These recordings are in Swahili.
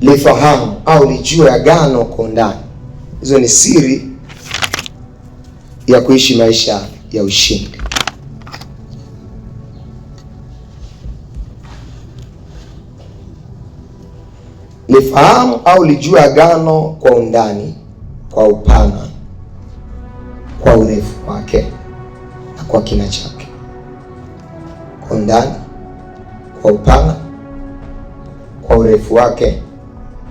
lifahamu au lijue agano kwa undani. Hizo ni siri ya kuishi maisha ya ushindi. Lifahamu au lijue agano kwa undani, kwa upana, kwa urefu wake na kwa kina chake. Kwa undani, kwa upana, kwa urefu wake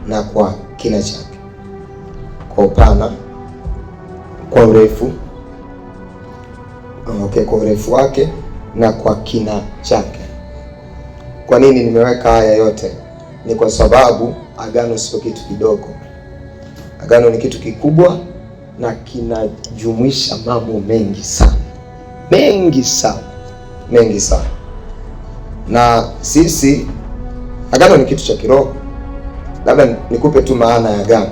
na kwa kina chake, kwa upana, kwa urefu okay, kwa urefu wake na kwa kina chake. Kwa nini nimeweka haya yote? Ni kwa sababu agano sio kitu kidogo. Agano ni kitu kikubwa na kinajumuisha mambo mengi sana, mengi sana, mengi sana. Na sisi agano ni kitu cha kiroho labda nikupe tu maana ya agano.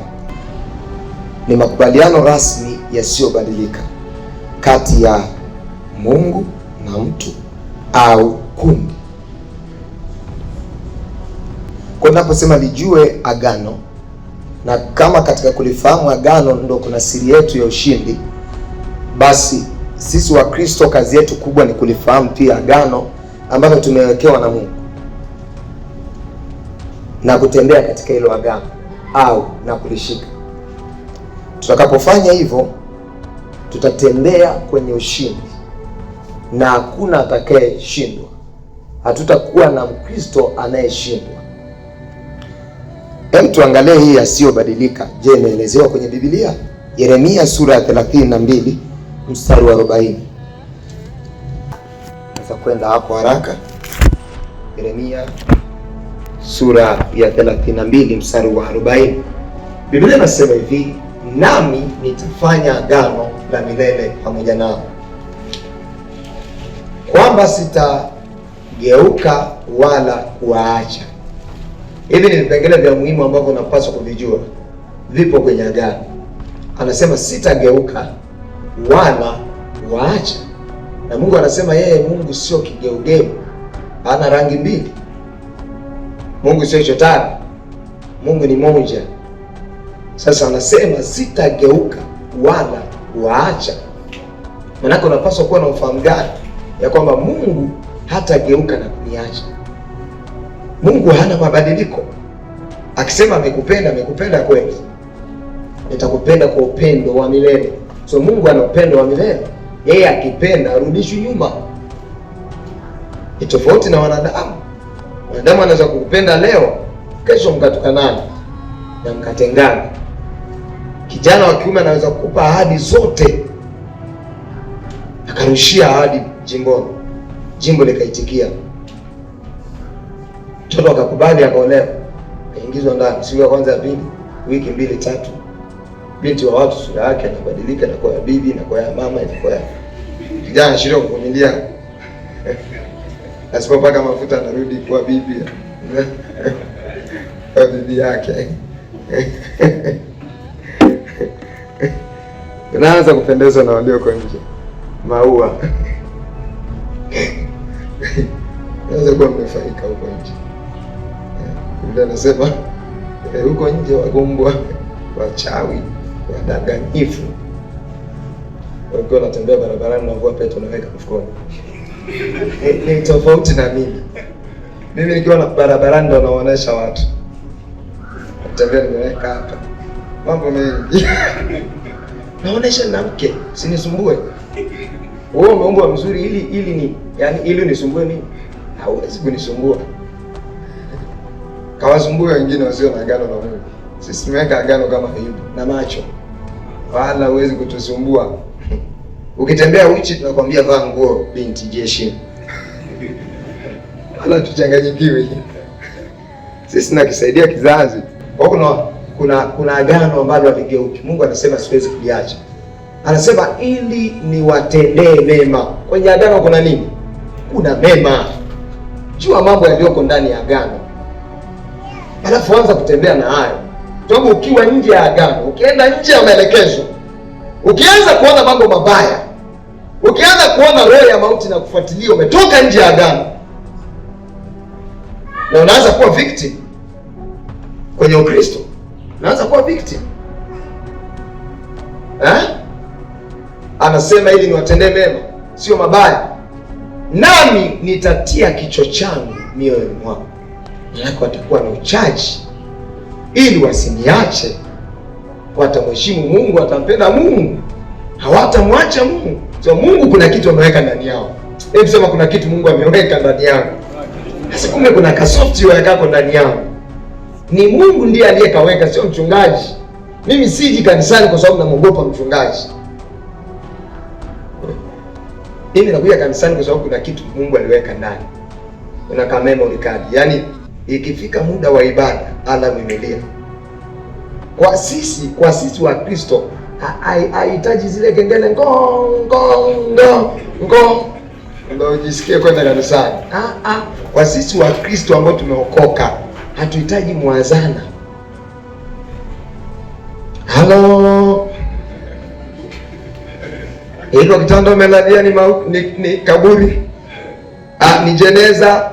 Ni makubaliano rasmi yasiyobadilika kati ya Mungu na mtu au kundi. Kwa naposema lijue agano, na kama katika kulifahamu agano ndo kuna siri yetu ya ushindi, basi sisi Wakristo kazi yetu kubwa ni kulifahamu pia agano ambalo tumewekewa na Mungu na kutembea katika hilo agano au na kulishika. Tutakapofanya hivyo, tutatembea kwenye ushindi na hakuna atakayeshindwa. Hatutakuwa na Mkristo anayeshindwa. Hem, tuangalie hii yasiyobadilika. Je, imeelezewa kwenye Biblia? Yeremia sura ya 32 mstari wa 40. Naweza kwenda hapo haraka. Yeremia sura ya 32 mstari wa 40. Biblia inasema hivi, nami nitafanya agano la milele pamoja nao kwamba sitageuka wala kuwaacha. Hivi ni vipengele vya muhimu ambavyo unapaswa kuvijua, vipo kwenye agano. Anasema sitageuka wala kuwaacha, na Mungu anasema yeye, Mungu sio kigeugeu, ana rangi mbili Mungu sio shetani, Mungu ni moja. Sasa anasema sitageuka wala waacha. manake unapaswa kuwa na ufahamu gani ya kwamba Mungu hatageuka na kuniacha. Mungu hana mabadiliko. Akisema amekupenda, amekupenda kweli, nitakupenda kwa upendo wa milele. So Mungu ana upendo wa milele, yeye akipenda arudishwi nyuma. Ni tofauti na wanadamu. Mwanadamu anaweza kukupenda leo, kesho mkatukanana na mkatengana. Kijana wa kiume anaweza kukupa ahadi zote, akarushia ahadi jimboni, jimbo likaitikia, mtoto akakubali, akaolewa, akaingizwa ndani, siku ya kwanza ya pili, wiki mbili tatu, binti wa watu sura yake anabadilika, inakuwa ya bibi, inakuwa ya mama, inakuwa ya kijana, shirika kuvumilia lazima mpaka mafuta anarudi kwa bibi kwa bibi yake unaanza kupendezwa na walioko nje, maua unaweza kuwa mmefaika huko nje. Biblia anasema eh, huko nje wagumbwa, wachawi, wadanganyifu, wakiwa wanatembea barabarani navua mvua pete unaweka mfukoni. Eh, ni tofauti na mimi. Mimi nikiwa na barabarani ndo naonesha watu tembea, nimeweka hapa mambo mengi naonesha na mke, sinisumbue wewe. Umeumbwa mzuri ili ili ni yani, ili nisumbue mimi? Hauwezi kunisumbua. Kawasumbue wengine wasio na agano na Mungu. Sisi tumeweka agano kama hili na macho, wala huwezi kutusumbua. Ukitembea uchi tunakwambia vaa nguo binti jeshi. ala tuchanganyikiwe. Sisi na kisaidia kizazi. Kwa kuna kuna kuna agano ambalo aligeuki. Mungu anasema siwezi kuliacha. Anasema ili niwatendee mema. Kwenye agano kuna nini? Kuna mema. Jua mambo yaliyoko ndani ya agano. Alafu anza kutembea na hayo. Kwa ukiwa nje ya agano, ukienda nje ya maelekezo Ukianza kuona mambo mabaya, ukianza kuona roho ya mauti na kufuatilia, umetoka nje ya agano na unaanza kuwa victim kwenye Ukristo, unaanza kuwa victim eh? Anasema ili niwatendee mema, sio mabaya, nami nitatia kichwa changu mioyoni mwao, maanake watakuwa na uchaji ili wasiniache watamheshimu Mungu, watampenda Mungu, hawatamwacha Mungu. So Mungu kuna kitu ameweka ndani yao. Hebu sema kuna kitu Mungu ameweka ndani yao. Sasa kumbe kuna ka software kako ndani yao. Ni Mungu ndiye aliyekaweka, sio mchungaji. Mimi siji kanisani kwa sababu namwogopa mchungaji. Mimi nakuja kanisani kwa sababu kuna kitu Mungu aliweka ndani. Kuna ka memory card. Yaani ikifika muda wa ibada, alamu imelia. Kwa sisi kwa sisi wa Kristo hahitaji zile kengele ngo ngo ngo ngo ndio ujisikie kwenda kanisani. Ah ah, kwa sisi wa Kristo ambao tumeokoka hatuhitaji mwazana. Halo. hiko kitando umelalia ni, ni, ni kaburi. Ah, ni jeneza.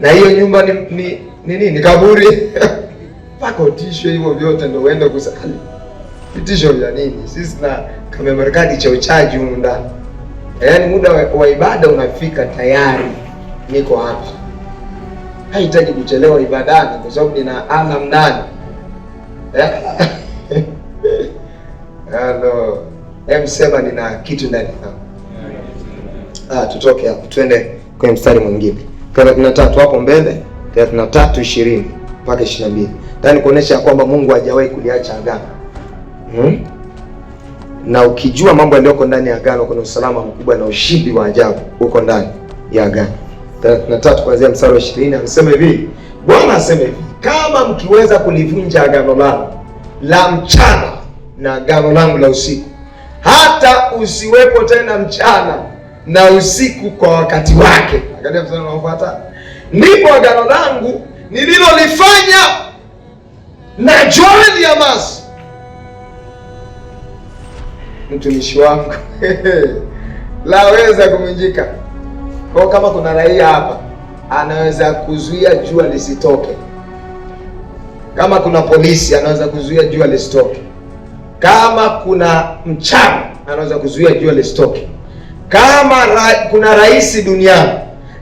Na hiyo nyumba ni ni nini? Ni, ni kaburi. mpaka utishwe hivyo vyote ndio uende kusali. Vitisho vya nini? Sisi na kama Marekani cha uchaji humu ndani, yaani muda wa ibada unafika tayari, niko hapa, Haitaji kuchelewa ibadani kwa sababu nina alarm ndani. Halo, hem, sema nina kitu ndani yangu. Ah, tutoke hapo tuende kwenye mstari mwingine, thelathini na tatu hapo mbele, thelathini na tatu ishirini mpaka ishirini yaani kuonesha ya kwamba Mungu hajawahi kuliacha agano hmm? na ukijua mambo yaliyoko ndani ya agano, kuna usalama mkubwa na ushindi wa ajabu uko ndani ya agano. Na tatu kuanzia mstari wa ishirini anasema hivi, Bwana aseme hivi, kama mkiweza kulivunja agano langu la mchana na agano langu la usiku, hata usiwepo tena mchana na usiku kwa wakati wake, angalia ndipo agano langu nililolifanya na Joel Diamasi mtumishi wangu laweza kumunjika. kwa. Kama kuna raia hapa anaweza kuzuia jua lisitoke, kama kuna polisi anaweza kuzuia jua lisitoke, kama kuna mchana anaweza kuzuia jua lisitoke, kama ra kuna rais duniani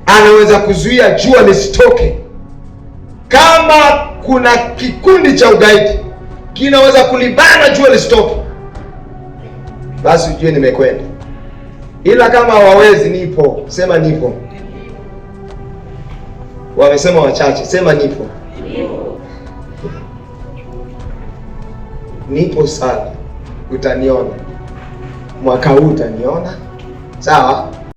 anaweza kuzuia jua lisitoke kama kuna kikundi cha ugaidi kinaweza kulibana jua listop, basi ujue nimekwenda, ila kama hawawezi, nipo. Sema nipo. Wamesema wachache, sema nipo. Nipo sana, utaniona mwaka huu, utaniona sawa.